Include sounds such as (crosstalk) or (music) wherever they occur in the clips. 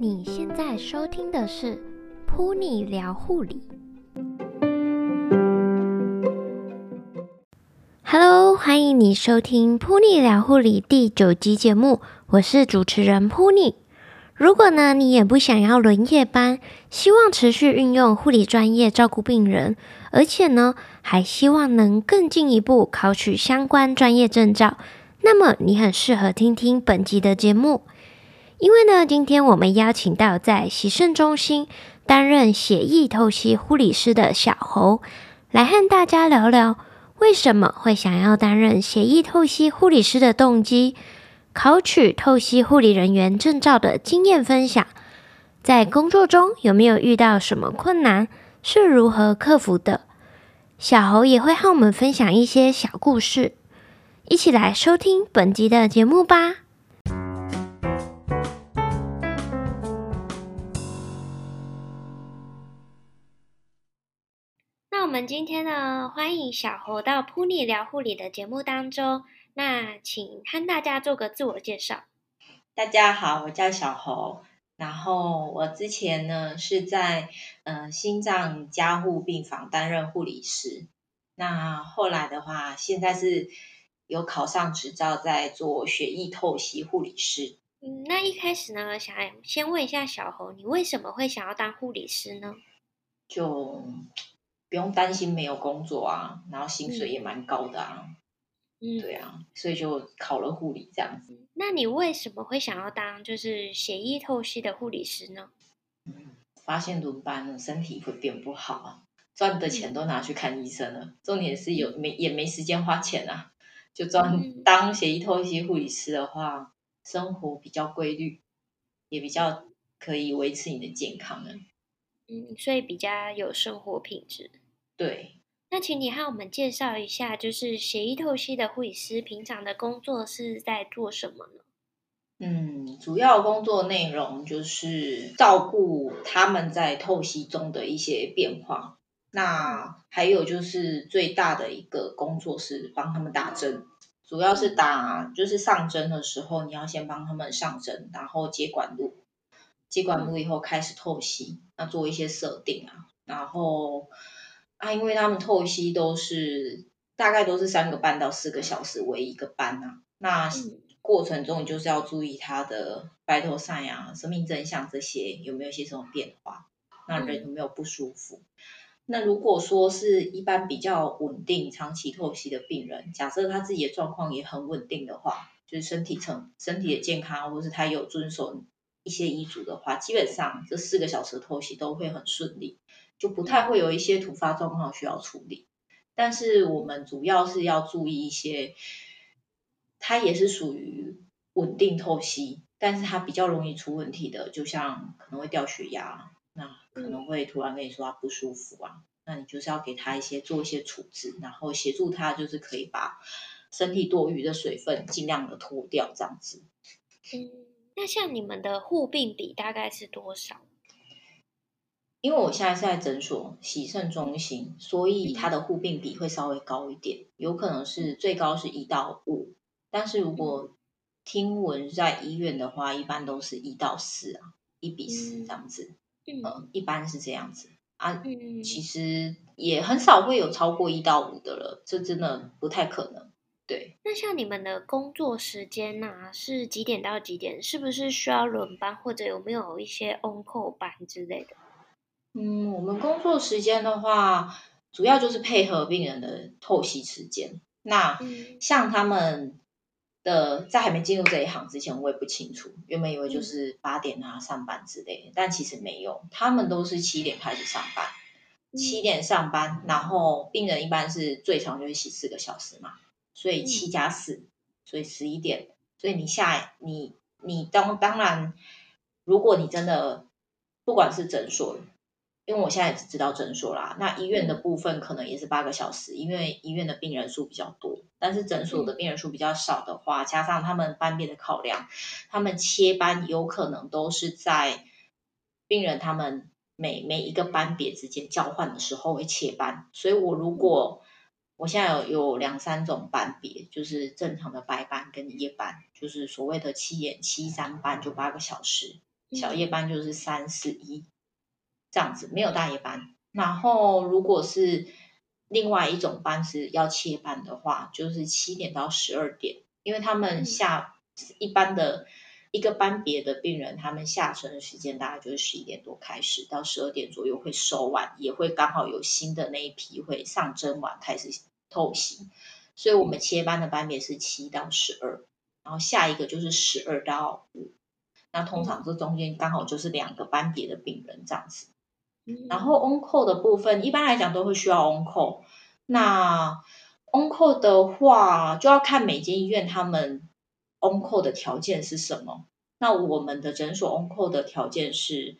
你現在收聽的是《噗妮聊護理》。Hello，歡迎你收聽《噗妮聊護理》第九集節目，我是主持人噗妮。如果呢，你也不想要輪夜班，希望持續運用護理專業照顧病人，而且呢，還希望能更進一步考取相關專業證照，那麼你很適合聽聽本集的節目，因為呢，今天我們邀請到在洗腎中心擔任血液透析護理師的小猴，來和大家聊聊為什麼會想要擔任血液透析護理師的動機。考取透析護理人員證照的經驗分享，在工作中有沒有遇到什麼困難？是如何克服的？小猴也會和我們分享一些小故事，一起來收聽本集的節目吧。那我們今天呢，歡迎小猴到噗妮聊護理的節目當中。那請和大家做個自我介紹。大家好，我叫小猴，然後我之前呢是在嗯、呃、心臟加護病房擔任護理師，那後來的話，現在是有考上執照，在做血液透析護理師。嗯，那一開始呢，想先問一下小猴，你為什麼會想要當護理師呢？就不用擔心沒有工作啊，然後薪水也蠻高的啊。嗯嗯，對啊，所以就考了護理這樣子。那你為什麼會想要當就是血液透析的護理師呢？發現輪班了身體會變不好啊，賺的錢都拿去看醫生了。嗯，重點是有沒也沒時間花錢啊，就賺，嗯，當血液透析護理師的話，生活比較規律，也比較可以維持你的健康啊。嗯，所以比較有生活品質。對。那請你和我們介紹一下，就是血液透析的護理師平常的工作是在做什麼呢？嗯，主要工作內容就是照顧他們在透析中的一些變化。那還有就是最大的一個工作是幫他們打針，主要是打就是上針的時候，你要先幫他們上針，然後接管路，接管路以後開始透析，那做一些設定啊，然後。啊，因為他們透析都是大概都是三個半到四個小時為一個班吶、啊，那過程中你就是要注意他的白頭塞啊、生命徵象這些有沒有一些什麼變化，那人有沒有不舒服？嗯、那如果說是一般比較穩定、長期透析的病人，假設他自己的狀況也很穩定的話，就是身體成身體的健康，或是他有遵守一些醫囑的話，基本上這四個小時的透析都會很順利。就不太會有一些突發狀況需要處理，但是我們主要是要注意一些。它也是屬於穩定透析，但是它比較容易出問題的，就像可能會掉血壓，那可能會突然跟你說他不舒服啊，那你就是要給他一些做一些處置，然後協助他就是可以把身體多餘的水分盡量的脫掉這樣子。嗯，那像你們的護病比大概是多少？因為我現在是在診所洗腎中心，所以它的護病比會稍微高一點，有可能是最高是一到五。但是如果聽聞在醫院的話，一般都是一到四啊，一比四這樣子，嗯，嗯、呃，一般是這樣子啊。其實也很少會有超過一到五的了，這真的不太可能。對。那像你們的工作時間吶、啊，是幾點到幾點？是不是需要輪班，或者有沒有一些 on call 班之類的？嗯，我們工作時間的話，主要就是配合病人的透析時間。那、嗯、像他們的在還沒進入這一行之前，我也不清楚。原本以為就是八點啊、嗯、上班之類的，但其實沒有，他們都是七點開始上班。七、嗯、點上班，然後病人一般是最長就是洗四個小時嘛，所以七加四，4，所以十一點。嗯、所以你下你你當當然，如果你真的不管是診所。因為我現在只知道診所啦，那醫院的部分可能也是八個小時，因為醫院的病人數比較多，但是診所的病人數比較少的話，加上他們班別的考量，他們切班有可能都是在病人他們每每一個班別之間交換的時候會切班。所以我如果我現在有有兩三種班別，就是正常的白班跟夜班，就是所謂的七點七三班就八個小時，小夜班就是三四一，這樣子沒有大夜班，然後如果是另外一種班是要切班的話，就是七點到十二點，因為他們下、嗯、一般的一個班別的病人，他們下針的時間大概就是十一點多開始，到十二點左右會收完，也會剛好有新的那一批會上針完，開始透析，所以我們切班的班別是七到十二，然後下一個就是十二到五，那通常這中間剛好就是兩個班別的病人這樣子。然後，on call 的部分，一般來講都會需要 on call。Code, 那 on call 的話，就要看每間醫院他們 on call 的條件是什麼。那我們的診所 on call 的條件是，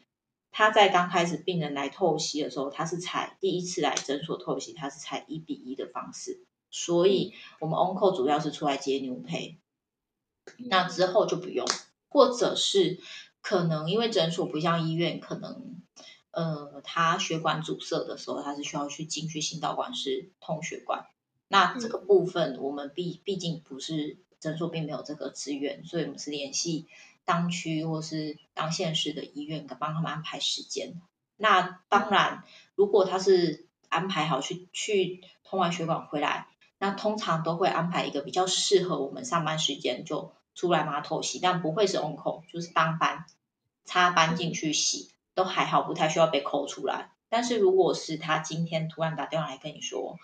他在剛開始病人來透析的時候，他是採第一次來診所透析，他是採一比一的方式。所以，我們 on call 主要是出來接牛配，那之後就不用，或者是可能因為診所不像醫院，可能。呃，他血管阻塞的時候，他是需要去進去心導管室通血管。那這個部分，我們畢畢竟不是診所，並沒有這個資源，所以我們是聯繫當區或是當縣市的醫院，幫他們安排時間。那當然，如果他是安排好去去通完血管回來，那通常都會安排一個比較適合我們上班時間就出來嘛，透析，但不會是 on call，就是當班插班進去洗。嗯都還好，不太需要被摳出來。但是如果是他今天突然打電話來跟你說，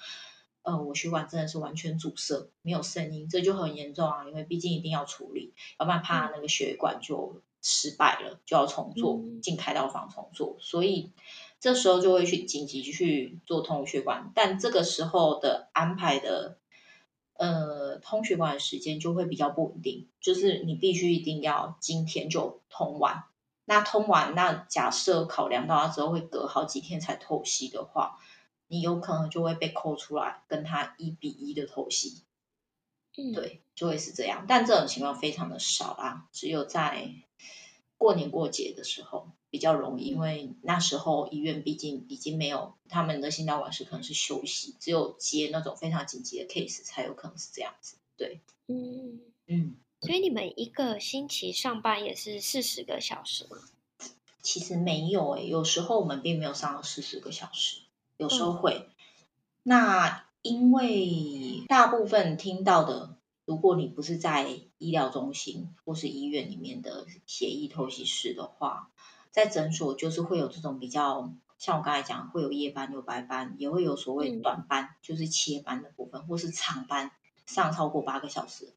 呃，我血管真的是完全阻塞，沒有聲音，這就很嚴重啊，因為畢竟一定要處理，要不然怕那個血管就失敗了，就要重做，嗯，進開刀房重做。所以這時候就會去緊急去做通血管，但這個時候的安排的呃通血管的時間就會比較不穩定，就是你必須一定要今天就通完。那通完，那假設考量到他之後會隔好幾天才透析的話，你有可能就會被扣出來跟他一比一的透析，嗯、對，就會是這樣。但這種情況非常的少啦，只有在過年過節的時候比較容易，因為那時候醫院畢竟已經沒有他們的心臟管室可能是休息，只有接那種非常緊急的 case 才有可能是這樣子，對，嗯嗯。嗯所以你們一個星期上班也是四十個小時嗎？其實沒有誒、欸，有時候我們並沒有上到四十個小時，有時候會。嗯、那因為大部分聽到的，如果你不是在醫療中心或是醫院裡面的血液透析室的話，在診所就是會有這種比較，像我剛才講，會有夜班、有白班，也會有所謂短班，嗯、就是切班的部分，或是長班上超過八個小時。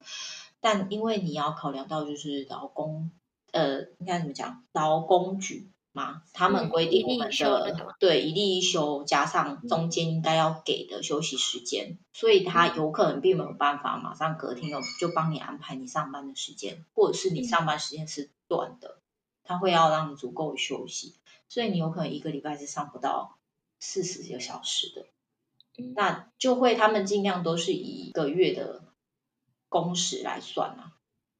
但因為你要考量到就是勞工，呃，應該怎麼講？勞工局嘛，他們規定我們的、嗯、一一對一例一休加上中間應該要給的休息時間，嗯、所以他有可能並沒有辦法馬上隔天就就幫你安排你上班的時間，或者是你上班時間是短的，嗯、他會要讓你足夠休息，所以你有可能一個禮拜是上不到四十幾個小時的，嗯、那就會他們儘量都是以一個月的。工時來算啊，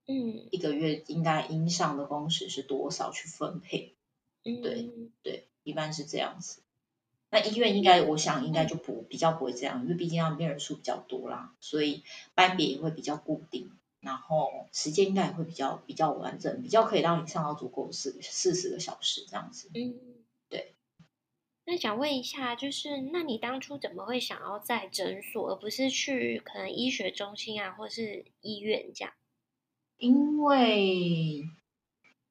嗯，一個月應該應上的工時是多少去分配？嗯，對對，一般是這樣子。那醫院應該，我想應該就不比較不會這樣，因為畢竟病人數比較多啦，所以班別也會比較固定，然後時間應該也會比較比較完整，比較可以讓你上到足夠四四十個小時這樣子。嗯。那想問一下，就是那你當初怎麼會想要在診所，而不是去可能醫學中心啊，或是醫院這樣？因為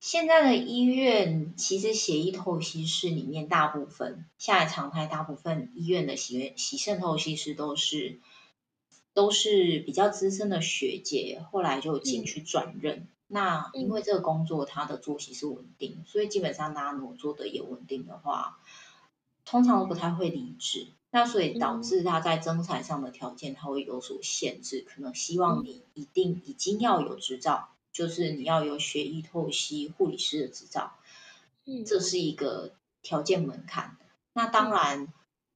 現在的醫院其實血液透析室裡面，大部分現在常態，大部分醫院的洗血洗腎透析室都是都是比較資深的學姐，後來就進去轉任。嗯、那因為這個工作，他的作息是穩定，嗯、所以基本上大家如果做的也穩定的話。通常都不太會離職，嗯、那所以導致他在徵才上的條件，他會有所限制，嗯、可能希望你一定已經要有執照，嗯、就是你要有血液透析護理師的執照，嗯、這是一個條件門檻。嗯、那當然，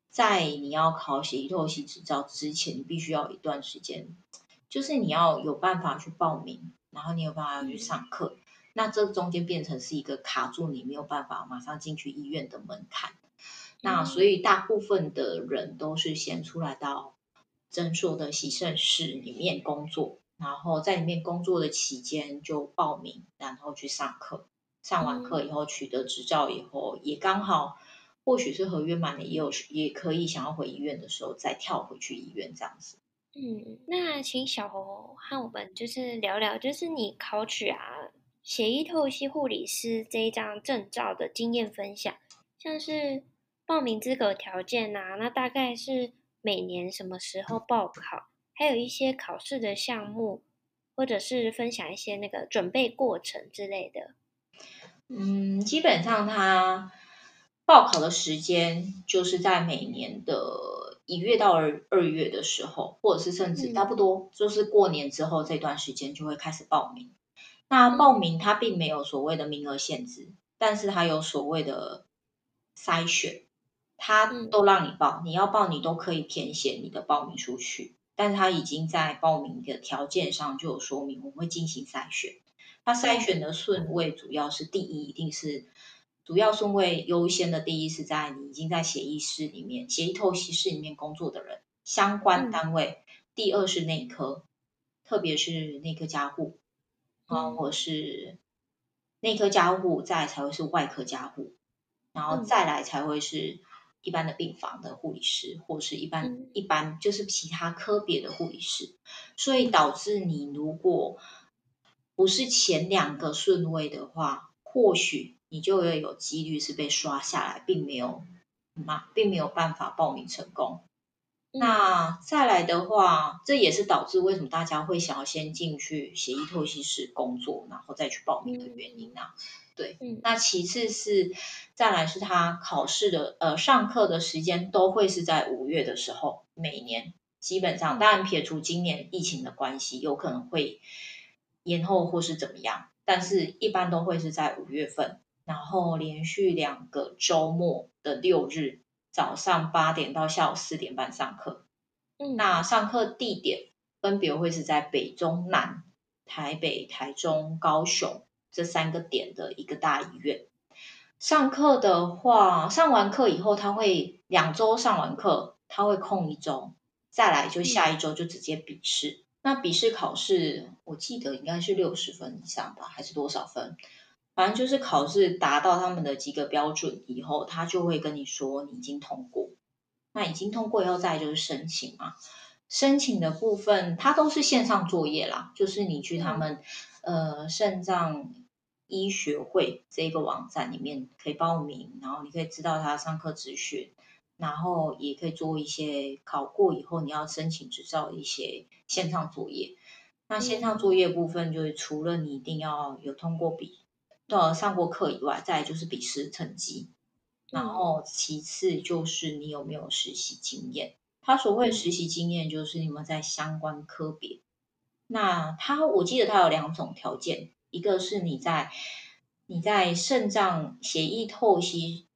在你要考血液透析執照之前，你必須要一段時間，就是你要有辦法去報名，然後你有辦法去上課，嗯、那這中間變成是一個卡住你沒有辦法馬上進去醫院的門檻。那所以，大部分的人都是先出來到診所的洗腎室裡面工作，然後在裡面工作的期間就報名，然後去上課。上完課以後，取得執照以後，也剛好，或許是合約滿了，也有也可以想要回醫院的時候，再跳回去醫院這樣子。嗯，那請小猴和我們就是聊聊，就是你考取啊，血液透析護理師這一張證照的經驗分享，像是。報名資格條件啊，那大概是每年什麼時候報考？還有一些考試的項目，或者是分享一些那個準備過程之類的。嗯，基本上它報考的時間就是在每年的一月到二二月的時候，或者是甚至差不多就是過年之後這段時間就會開始報名。那報名它並沒有所謂的名額限制，但是它有所謂的篩選。他都讓你報，你要報你都可以填寫你的報名資料，但是他已經在報名的條件上就有說明，我們會進行篩選。他篩選的順位主要是第一一定是主要順位優先的，第一是在你已經在血液室裡面、血液透析室裡面工作的人相關單位，嗯、第二是內科，特別是內科加護啊，或者是內科加護再才會是外科加護，然後再來才會是。一般的病房的護理師，或是一般、嗯、一般就是其他科別的護理師，所以導致你如果不是前兩個順位的話，或許你就會有幾率是被刷下來，並沒有嘛、嗯，並沒有辦法報名成功。嗯、那再來的話，這也是導致為什麼大家會想要先進去血液透析室工作，然後再去報名的原因呢、啊？對，那其次是，再來是他考試的，呃，上課的時間都會是在五月的時候，每年基本上，當然撇除今年疫情的關係，有可能會延後或是怎麼樣，但是一般都會是在五月份，然後連續兩個週末的六日，早上八點到下午四點半上課，嗯，那上課地點分別會是在北中南，台北、台中、高雄。這三個點的一個大醫院上課的話，上完課以後，他會兩週上完課，他會空一週，再來就下一週就直接筆試。嗯、那筆試考試，我記得應該是六十分以上吧，還是多少分？反正就是考試達到他們的及格標準以後，他就會跟你說你已經通過。那已經通過以後，再就是申請嘛。申請的部分，它都是線上作業啦，就是你去他們、嗯、呃腎臟。醫學會這個網站裡面可以報名，然後你可以知道他上課資訊，然後也可以做一些考過以後你要申請執照的一些線上作業。那線上作業部分就是除了你一定要有通過筆呃、嗯、上過課以外，再來就是筆試成績，然後其次就是你有沒有實習經驗。他所謂的實習經驗就是你有沒有在相關科別，那他我記得他有兩種條件。一個是你在你在腎臟血液透析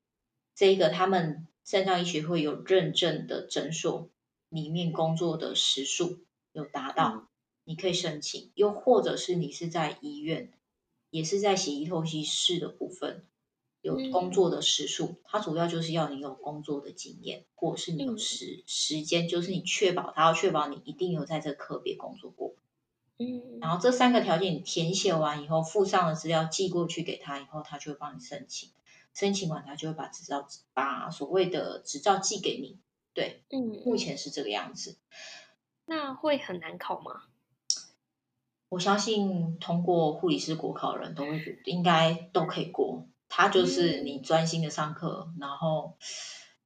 這一個，他們腎臟醫學會有認證的診所裡面工作的時數有達到，你可以申請；又或者是你是在醫院，也是在血液透析室的部分有工作的時數，它主要就是要你有工作的經驗，或者是你有時時間，就是你確保它要確保你一定有在這科別工作過。嗯，然後這三個條件你填寫完以後，附上的資料寄過去給他以後，他就會幫你申請。申請完，他就會把執照，把所謂的執照寄給你。對，嗯，目前是這個樣子。那會很難考嗎？我相信通過護理師國考的人都會，應該都可以過。他就是你專心的上課，嗯，然後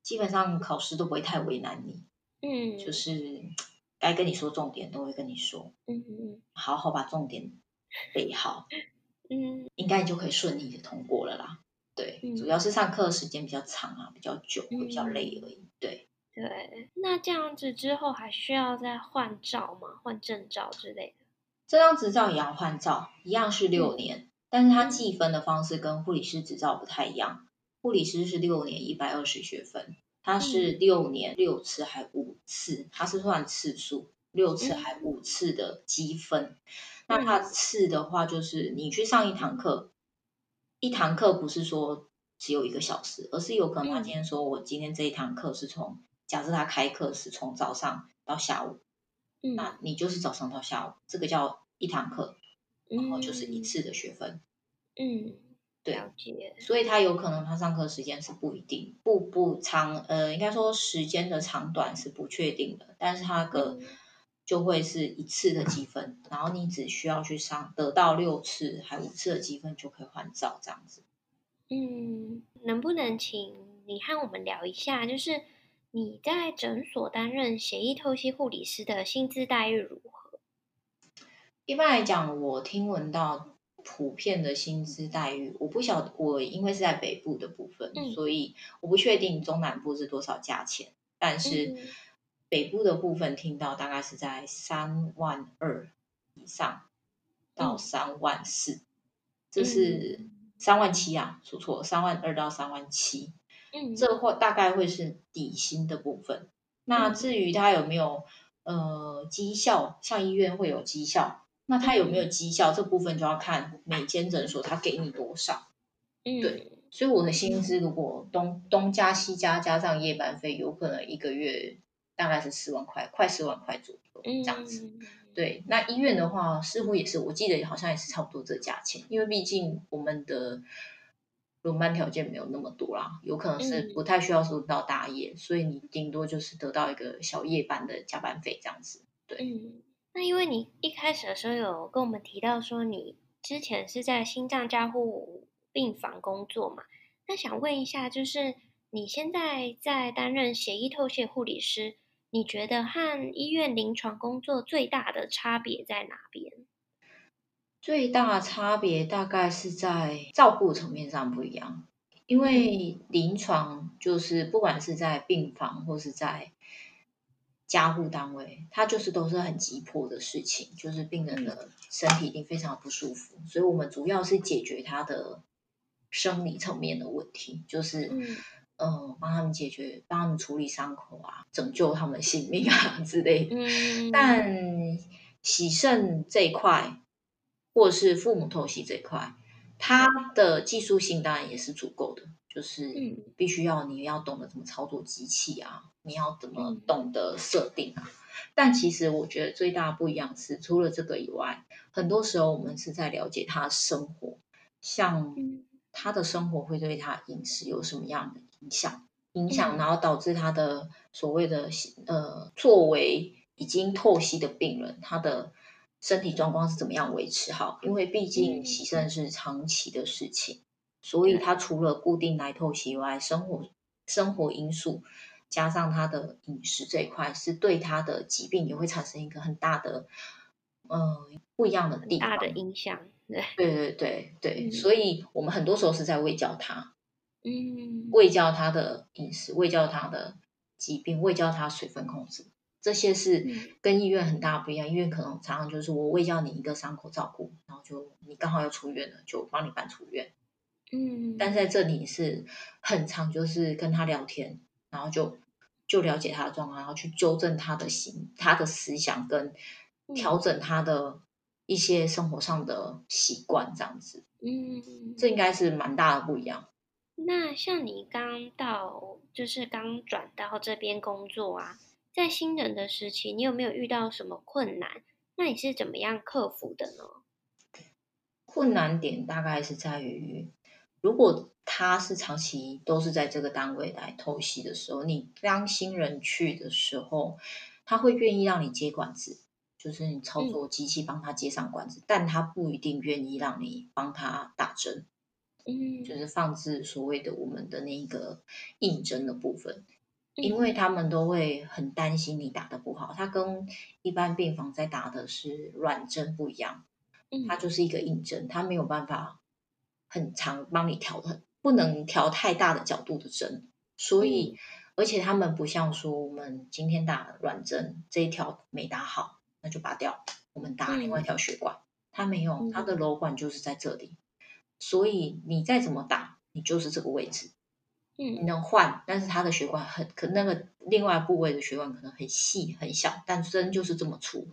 基本上考試都不會太為難你。嗯，就是。該跟你說重點，都會跟你說。嗯嗯，好好把重點背好。 (laughs) 嗯，應該你就可以順利的通過了啦。對，嗯、主要是上課時間比較長啊，比較久，會比較累而已。嗯、對對，那這樣子之後還需要再換照嗎？換證照之類的？這張執照也要換照，一樣是六年，嗯、但是它計分的方式跟護理師執照不太一樣。護理師是六年一百二十學分。它是六年六次還五次，它是算次數，六次還五次的積分。嗯、那它次的話，就是你去上一堂課，一堂課不是說只有一個小時，而是有可能他今天說我今天這一堂課是從，假設他開課是從早上到下午，嗯、那你就是早上到下午，這個叫一堂課，然後就是一次的學分。嗯。嗯了解，所以他有可能，他上課時間是不一定，不不長，呃，應該說時間的長短是不確定的，但是他的就會是一次的積分，嗯、然後你只需要去上得到六次還五次的積分就可以換照這樣子。嗯，能不能請你和我們聊一下，就是你在診所擔任血液透析護理師的薪資待遇如何？一般來講，我聽聞到。普遍的薪資待遇，我不曉得，我因為是在北部的部分，嗯，所以我不確定，中南部是多少價錢。但是北部的部分聽到大概是在三萬二以上到三萬四，嗯，這是三萬七啊，說錯了，三萬二到三萬七。嗯，這或大概會是底薪的部分。那至於他有沒有呃績效，像醫院會有績效。那他有沒有績效，嗯、這部分就要看每間診所他給你多少，嗯、對，所以我的薪資如果東東加西加，加上夜班費，有可能一個月大概是十萬塊，快十萬塊左右這樣子。嗯、對，那醫院的話似乎也是，我記得好像也是差不多這價錢，因為畢竟我們的輪班條件沒有那麼多啦，有可能是不太需要收到大夜，嗯、所以你頂多就是得到一個小夜班的加班費這樣子。對。嗯那因為你一開始的時候有跟我們提到說你之前是在心臟加護病房工作嘛？那想問一下，就是你現在在擔任血液透析護理師，你覺得和醫院臨床工作最大的差別在哪邊？最大差別大概是在照顧層面上不一樣，因為臨床就是不管是在病房或是在。加護單位，它就是都是很急迫的事情，就是病人的身體一定非常不舒服，所以我們主要是解決他的生理層面的問題，就是嗯，幫、呃、他們解決、幫他們處理傷口啊，拯救他們的性命啊之類的。嗯、但洗腎這一塊，或者是腹膜透析這一塊，它的技術性當然也是足夠的，就是必須要你要懂得怎麼操作機器啊。你要怎麼懂得設定啊？嗯、但其實我覺得最大的不一樣是，除了這個以外，很多時候我們是在了解他生活，像他的生活會對他飲食有什麼樣的影響？影響，嗯、然後導致他的所謂的呃，作為已經透析的病人，他的身體狀況是怎麼樣維持好？因為畢竟洗腎是長期的事情，嗯、所以他除了固定來透析以外，生活生活因素，加上他的飲食這一塊，是對他的疾病也會產生一個很大的，呃，不一樣的地方，大的影響。對對對對，對嗯、所以我們很多時候是在衛教他，嗯，衛教他的飲食，衛教他的疾病，衛教他水分控制，這些是跟醫院很大不一樣。醫院、嗯、可能常常就是我衛教你一個傷口照顧，然後就你剛好要出院了，就幫你辦出院。嗯，但在這裡是很常就是跟他聊天。然後就就了解他的狀況，然後去糾正他的心、他的思想，跟調整他的一些生活上的習慣，這樣子。嗯，這應該是蠻大的不一樣。那像你剛到，就是剛轉到這邊工作啊，在新人的時期，你有沒有遇到什麼困難？那你是怎麼樣克服的呢？嗯，困難點大概是在於。如果他是長期都是在這個單位來透析的時候，你當新人去的時候，他會願意讓你接管子，就是你操作機器幫他接上管子，嗯、但他不一定願意讓你幫他打針，嗯，就是放置所謂的我們的那一個硬針的部分，嗯、因為他們都會很擔心你打得不好，他跟一般病房在打的是軟針不一樣，他它就是一個硬針，他沒有辦法。很長，幫你調的，不能調太大的角度的針，所以而且他們不像說我們今天打軟針這一條沒打好那就拔掉，我們打另外一條血管，嗯、它沒有它的瘻管就是在這裡，嗯、所以你再怎麼打你就是這個位置，嗯，你能換，但是它的血管很可那個另外部位的血管可能很細很小，但針就是這麼粗，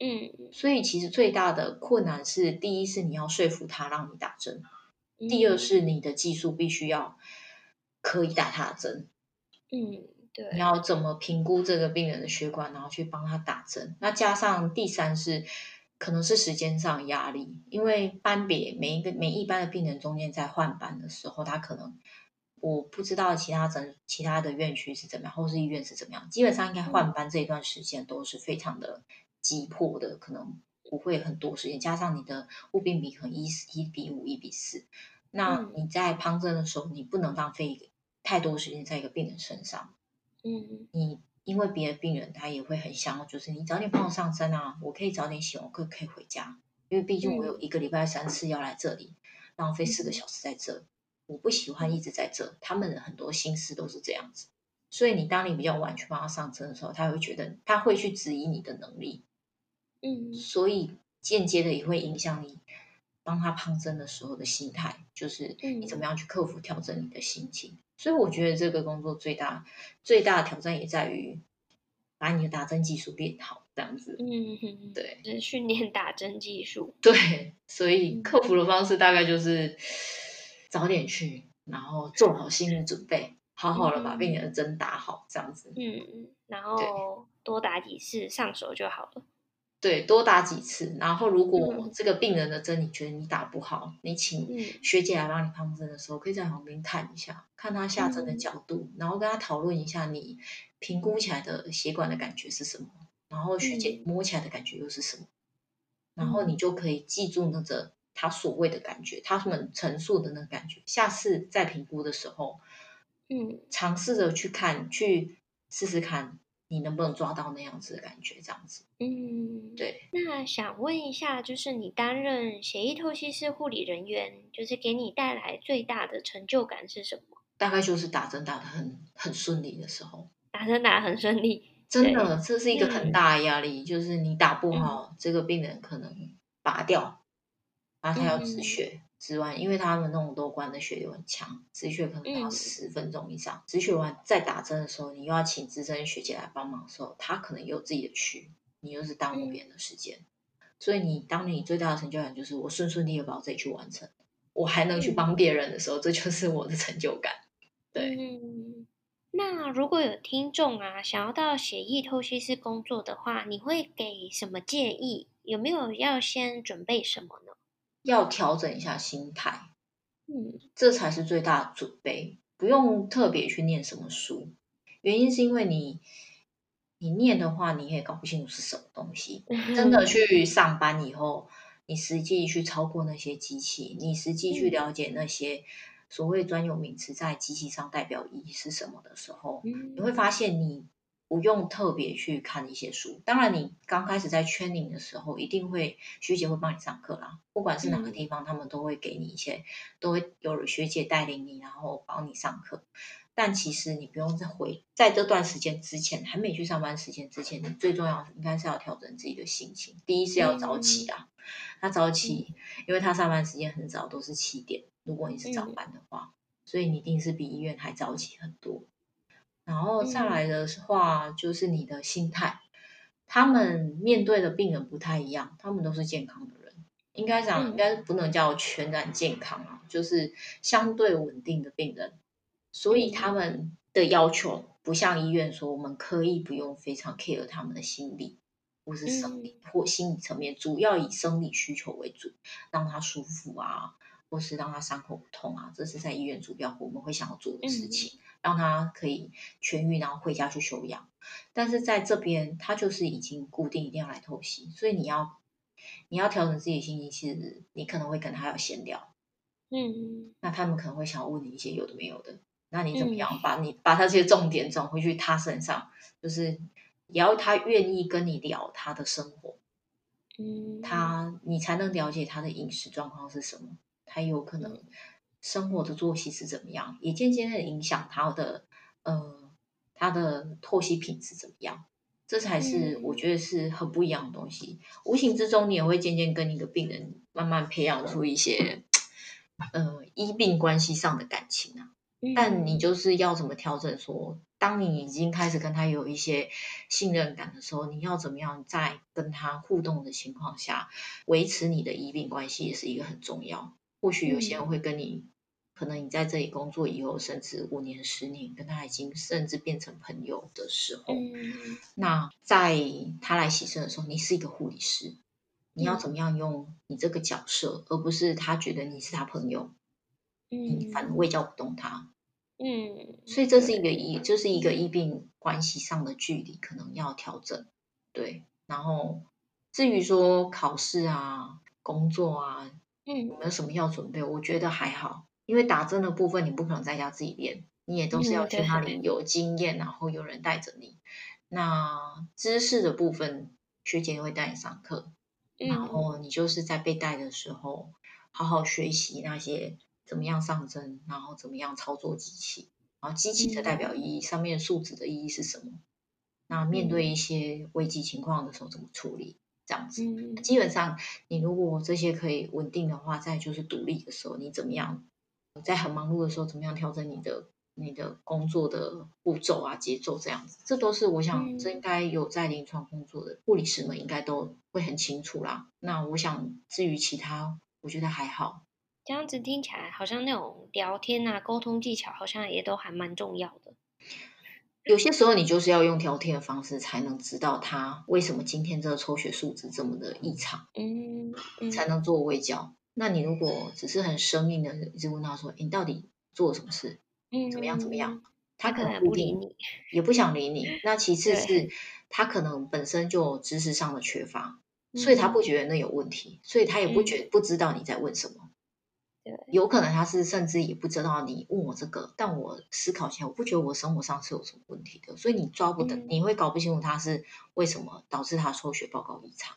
嗯，所以其實最大的困難是第一是你要說服他讓你打針。第二是你的技術必須要可以打他的針，嗯，對，你要怎麼評估這個病人的血管，然後去幫他打針？那加上第三是可能是時間上壓力，因為班別，每一個每一班的病人中間在換班的時候，他可能我不知道其他診其他的院區是怎麼樣，或是醫院是怎麼樣，基本上應該換班這一段時間都是非常的急迫的，可能。不會很多時間，加上你的護病比可能一一比五一比四，那你在旁針的時候，你不能浪費太多時間在一個病人身上。嗯嗯，你因為別的病人他也會很想要，就是你早點幫我上針啊，我可以早點洗完可可以回家。因為畢竟我有一個禮拜三次要來這裡，嗯、浪費四個小時在這裡，我不喜歡一直在這。他們很多心思都是這樣子，所以你當你比較晚去幫他上針的時候，他會覺得他會去質疑你的能力。嗯，所以間接的也會影響你幫他胖針的時候的心態，就是你怎麼樣去克服、調整你的心情。嗯、所以我覺得這個工作最大最大的挑戰也在於把你的打針技術變好，這樣子。嗯，對，就是訓練打針技術。對，所以克服的方式大概就是早點去，然後做好心理準備，好好的把病人的針打好，嗯、這樣子。嗯，然後對多打幾次，上手就好了。對，多打幾次。然後，如果這個病人的針、嗯、你覺得你打不好，你請學姐來幫你放針的時候，嗯、可以在旁邊看一下，看他下針的角度，嗯、然後跟他討論一下你評估起來的血管的感覺是什麼，然後學姐摸起來的感覺又是什麼，嗯、然後你就可以記住那個他所謂的感覺，他們陳述的那個感覺，下次再評估的時候，嗯，嘗試着去看，去試試看。你能不能抓到那樣子的感覺？這樣子，嗯，對。那想問一下，就是你擔任血液透析室護理人員，就是給你帶來最大的成就感是什麼？大概就是打針打得很很順利的時候，打針打得很順利。真的，這是一個很大的壓力，嗯、就是你打不好，嗯、這個病人可能拔掉，然後他要止血。嗯止完，因為他們那種多關的血流很強，止血可能要十分鐘以上。止、嗯、血完再打針的時候，你又要請資深學姐來幫忙的時候，她可能也有自己的區，你又是耽誤別人的時間。嗯、所以你當你最大的成就感就是我順順利利把我自己去完成，我還能去幫別人的時候，嗯、這就是我的成就感。對。嗯、那如果有聽眾啊想要到血液透析室工作的話，你會給什麼建議？有沒有要先準備什麼呢？要調整一下心態，嗯，這才是最大的準備。不用特別去念什麼書，原因是因為你，你念的話你也搞不清楚是什麼東西。真的去上班以後，你實際去超過那些機器，你實際去了解那些所謂專有名詞在機器上代表意義是什麼的時候，嗯，你會發現你。不用特別去看一些書，當然你剛開始在 training 的時候，一定會，學姐會幫你上課啦。不管是哪個地方，嗯、他們都會給你一些，都會有學姐帶領你，然後幫你上課。但其實你不用再回在這段時間之前，還沒去上班時間之前，你最重要應該是要調整自己的心情。第一是要早起啊，嗯、他早起，嗯、因為他上班時間很早，都是七點。如果你是早班的話，嗯、所以你一定是比醫院還早起很多。然後再來的話，嗯、就是你的心態。他們面對的病人不太一樣，他們都是健康的人，應該講、嗯、應該不能叫全然健康啊，就是相對穩定的病人。所以他們的要求不像醫院說，我們可以不用非常 care 他們的心理或是生理、嗯、或心理層面，主要以生理需求為主，讓他舒服啊。或是讓他傷口不痛啊，這是在醫院主要，我們會想要做的事情，嗯、讓他可以痊癒，然後回家去休養。但是在這邊，他就是已經固定一定要來透析，所以你要你要調整自己的心情，其實你可能會跟他有閒聊，嗯，那他們可能會想問你一些有的沒有的，那你怎麼樣把？把、嗯、你把他這些重點轉回去他身上，就是也要他願意跟你聊他的生活，嗯，他你才能了解他的飲食狀況是什麼。他有可能生活的作息是怎麼樣，嗯、也漸漸的影響他的，呃，他的透析品質怎麼樣，這才是我覺得是很不一樣的東西。嗯、無形之中，你也會漸漸跟你的病人慢慢培養出一些，嗯、呃，醫病關係上的感情啊。嗯、但你就是要怎麼調整說，說當你已經開始跟他有一些信任感的時候，你要怎麼樣在跟他互動的情況下維持你的醫病關係，也是一個很重要。或許有些人會跟你，嗯、可能你在這裡工作以後，甚至五年、十年，跟他已經甚至變成朋友的時候，嗯、那在他來洗腎的時候，你是一個護理師，你要怎麼樣用你這個角色，嗯、而不是他覺得你是他朋友，嗯，反正我也叫不動他，嗯，所以這是一個醫，對就是一個醫病關係上的距離，可能要調整，對。然後至於說考試啊、工作啊，有沒有什麼要準備？我覺得還好，因為打針的部分你不可能在家自己練，你也都是要去那裡有經驗，嗯、然後有人帶着你。那知識的部分，學姐會帶你上課，嗯、然後你就是在被帶的時候，好好學習那些怎麼樣上針，然後怎麼樣操作機器，然後機器的代表意義，嗯、上面數值的意義是什麼？那面對一些危機情況的時候怎麼處理？這樣子，基本上你如果這些可以穩定的話，在就是獨立的時候，你怎麼樣，在很忙碌的時候，怎麼樣調整你的你的工作的步驟啊、節奏這樣子，這都是我想，這應該有在臨床工作的護理師們應該都會很清楚啦。那我想，至於其他，我覺得還好。這樣子聽起來，好像那種聊天啊、溝通技巧，好像也都還蠻重要的。有些時候你就是要用挑剔的方式，才能知道他為什麼今天這個抽血數值這麼的異常，嗯，嗯，才能做衛教。那你如果只是很生硬的一直問他說，對你到底做什麼事？嗯，怎麼樣怎麼樣？嗯嗯、他可能不理你，也不想理你。對那其次是他可能本身就知識上的缺乏，嗯、所以他不覺得那有問題，所以他也不覺不知道你在問什麼。嗯嗯有可能他是甚至也不知道你問我這個，但我思考起來，我不覺得我生活上是有什麼問題的，所以你抓不得，嗯、你會搞不清楚他是為什麼導致他抽血報告異常。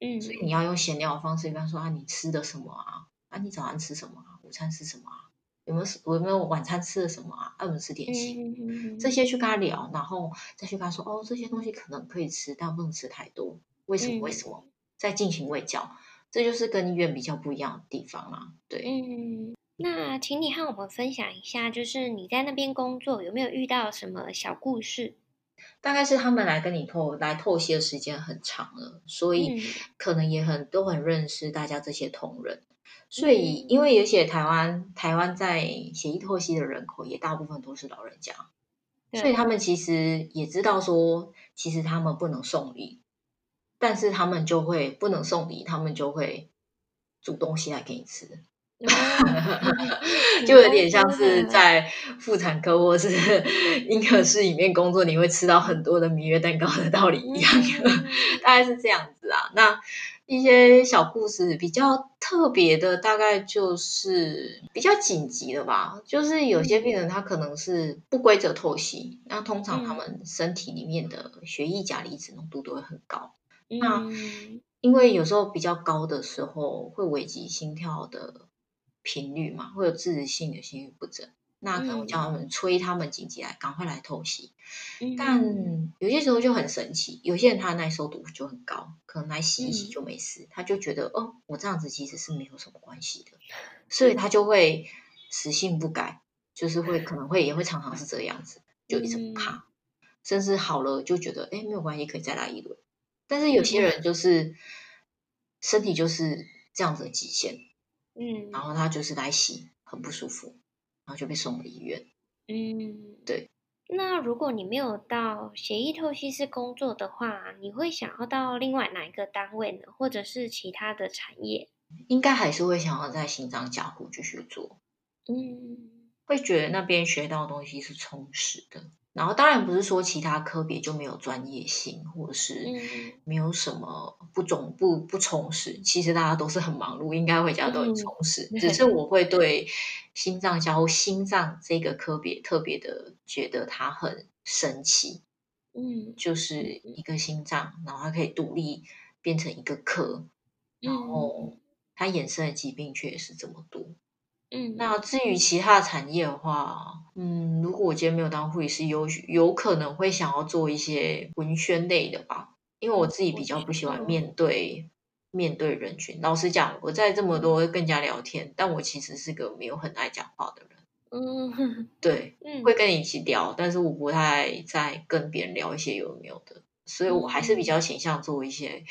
嗯，所以你要用閒聊的方式，比方說啊，你吃的什麼啊？啊，你早上吃什麼啊？午餐吃什麼啊？有沒有是有沒有晚餐吃的什麼啊，啊？有沒有吃點心？嗯嗯嗯、這些去跟他聊，然後再去跟他說，哦，這些東西可能可以吃，但不能吃太多，為什麼？為什麼？嗯、再進行衛教。這就是跟醫院比較不一樣的地方啦、啊，對。嗯，那請你和我們分享一下，就是你在那邊工作有沒有遇到什麼小故事？大概是他們來跟你透來透析的時間很長了，所以可能也很、嗯、都很認識大家這些同仁。所以，嗯、因為有些台灣台灣在血液透析的人口也大部分都是老人家，對所以他們其實也知道說，其實他們不能送禮。但是他們就會不能送禮，他們就會煮東西來給你吃， (laughs) 就有點像是在婦產科或是嬰兒室裡面工作，你會吃到很多的彌月蛋糕的道理一樣， (laughs) 大概是這樣子啊。那一些小故事比較特別的，大概就是比較緊急的吧。就是有些病人他可能是不規則透析，那通常他們身體裡面的血液鉀離子濃度都會很高。那因為有時候比較高的時候會危及心跳的頻率嘛，會有自發性的心律不整，那可能我叫他們催他們緊急來，趕快來透析。但有些時候就很神奇，有些人他耐受度就很高，可能來洗一洗就沒事，他就覺得哦，我這樣子其實是沒有什麼關係的，所以他就會死性不改，就是會可能會也會常常是這樣子，就一直不怕，甚至好了就覺得哎沒有關係，可以再來一輪。但是有些人就是身體就是這樣子的極限，嗯，然後他就是來洗，很不舒服，然後就被送了醫院。嗯，對。那如果你沒有到血液透析室工作的話，你會想要到另外哪一個單位呢？或者是其他的產業？應該還是會想要在心臟加護繼續做。嗯，會覺得那邊學到的東西是充實的。然後當然不是說其他科別就沒有專業性，或者是沒有什麼不總不不充實。其實大家都是很忙碌，應該大家都很充實。嗯、只是我會對心臟教對心臟這個科別特別的覺得它很神奇。嗯，就是一個心臟，然後它可以獨立變成一個科，然後它衍生的疾病卻也是這麼多。嗯，那至於其他的產業的話，嗯，如果我今天沒有當護理師，有有可能會想要做一些文宣類的吧，因為我自己比較不喜歡面對、嗯、面對人群。老實講，我在這麼多更加聊天，但我其實是個沒有很愛講話的人。嗯，對，嗯、會跟你一起聊，但是我不太愛再跟別人聊一些有沒有的，所以我還是比較傾向做一些。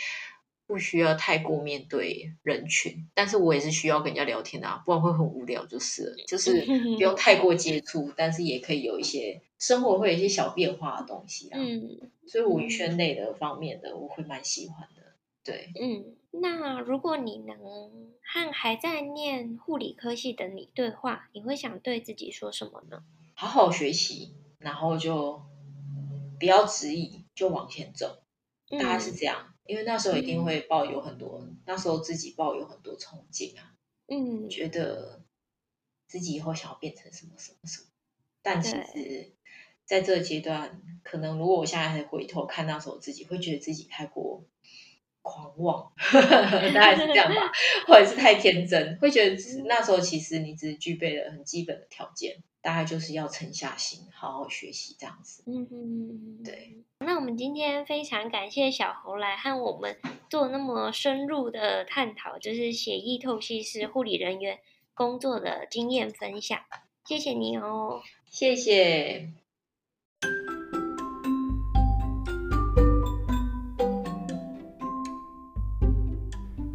不需要太過面對人群，但是我也是需要跟人家聊天的，啊，不然會很無聊，就是了，就是不用太過接觸， (laughs) 但是也可以有一些生活會有一些小變化的東西啊。嗯，所以文宣類的方面的，嗯、我會蠻喜歡的。對，嗯，那如果你能和還在念護理科系的你對話，你會想對自己說什麼呢？好好學習，然後就不要遲疑，就往前走，大概是這樣。嗯因為那時候一定會抱有很多，嗯、那時候自己抱有很多憧憬啊，嗯，覺得自己以後想要變成什麼什麼什麼，但其實在這個階段，對可能如果我現在還回頭看那時候自己，會覺得自己太過。狂妄，呵呵，大概是這樣吧， (laughs) 或者是太天真，會覺得那時候其實你只具備了很基本的條件，大概就是要沉下心，好好學習這樣子。嗯嗯嗯，對。那我們今天非常感謝小猴來和我們做那麼深入的探討，就是血液透析師護理人員工作的經驗分享。謝謝你哦，謝謝。